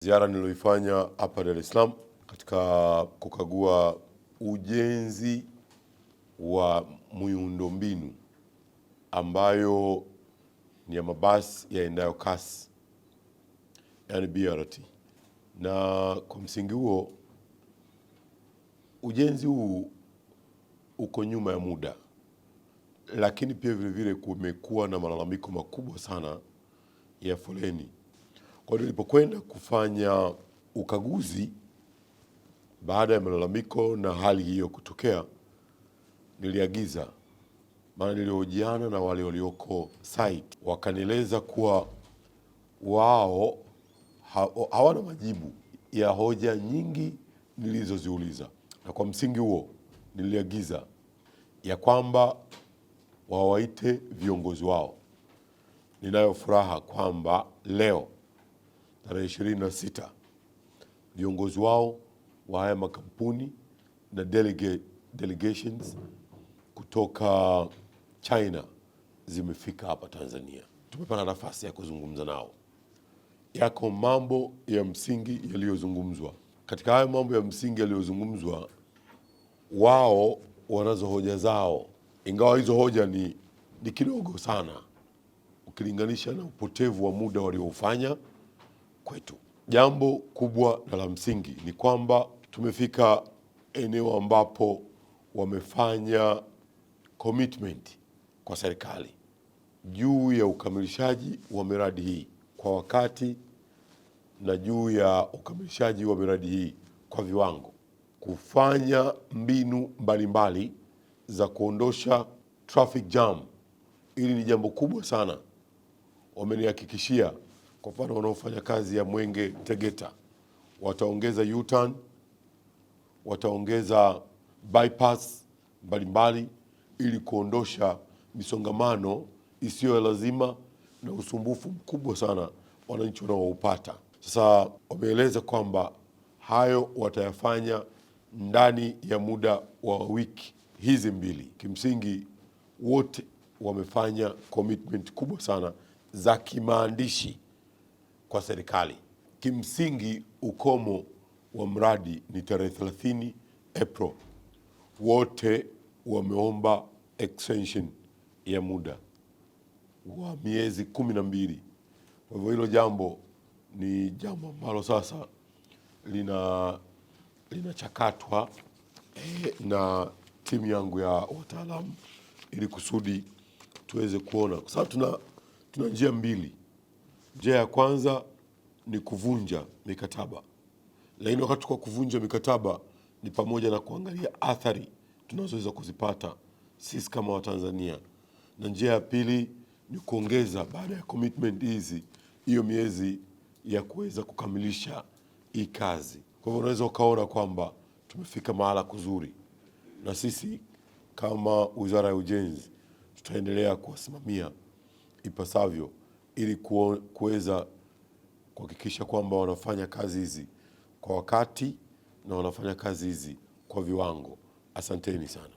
Ziara niliyoifanya hapa Dar es Salaam katika kukagua ujenzi wa miundombinu ambayo ni ya mabasi yaendayo kasi yani BRT, na kwa msingi huo ujenzi huu uko nyuma ya muda, lakini pia vilevile kumekuwa na malalamiko makubwa sana ya foleni kwa hiyo nilipokwenda kufanya ukaguzi baada ya malalamiko na hali hiyo kutokea, niliagiza maana niliojiana na wale walioko site wakanieleza kuwa wao hawana majibu ya hoja nyingi nilizoziuliza, na kwa msingi huo niliagiza ya kwamba wawaite viongozi wao. Ninayo furaha kwamba leo tarehe ishirini na sita viongozi wao wa haya makampuni na delegate, delegations kutoka China zimefika hapa Tanzania. Tumepata nafasi ya kuzungumza nao. Yako mambo ya msingi yaliyozungumzwa. Katika hayo mambo ya msingi yaliyozungumzwa, wao wanazo hoja zao, ingawa hizo hoja ni, ni kidogo sana ukilinganisha na upotevu wa muda walioufanya kwetu. Jambo kubwa na la msingi ni kwamba tumefika eneo ambapo wamefanya commitment kwa serikali juu ya ukamilishaji wa miradi hii kwa wakati na juu ya ukamilishaji wa miradi hii kwa viwango, kufanya mbinu mbalimbali mbali za kuondosha traffic jam. Hili ni jambo kubwa sana, wamenihakikishia kwa mfano wanaofanya kazi ya Mwenge Tegeta wataongeza U-turn, wataongeza bypass mbalimbali ili kuondosha misongamano isiyo ya lazima na usumbufu mkubwa sana wananchi wanaoupata. Sasa wameeleza kwamba hayo watayafanya ndani ya muda wa wiki hizi mbili. Kimsingi wote wamefanya commitment kubwa sana za kimaandishi kwa serikali. Kimsingi, ukomo wa mradi ni tarehe 30 April. Wote wameomba extension ya muda wa miezi kumi na mbili. Kwa hivyo hilo jambo ni jambo ambalo sasa lina linachakatwa eh, na timu yangu ya wataalamu ili kusudi tuweze kuona, kwa sababu tuna, tuna njia mbili Njia ya kwanza ni kuvunja mikataba, lakini wakati kwa kuvunja mikataba ni pamoja na kuangalia athari tunazoweza kuzipata sisi kama Watanzania, na njia ya pili ni kuongeza baada ya commitment hizi hiyo miezi ya kuweza kukamilisha hii kazi. Kwa hivyo unaweza ukaona kwamba tumefika mahala kuzuri, na sisi kama Wizara ya Ujenzi tutaendelea kuwasimamia ipasavyo ili kuweza kuhakikisha kwamba wanafanya kazi hizi kwa wakati na wanafanya kazi hizi kwa viwango. Asanteni sana.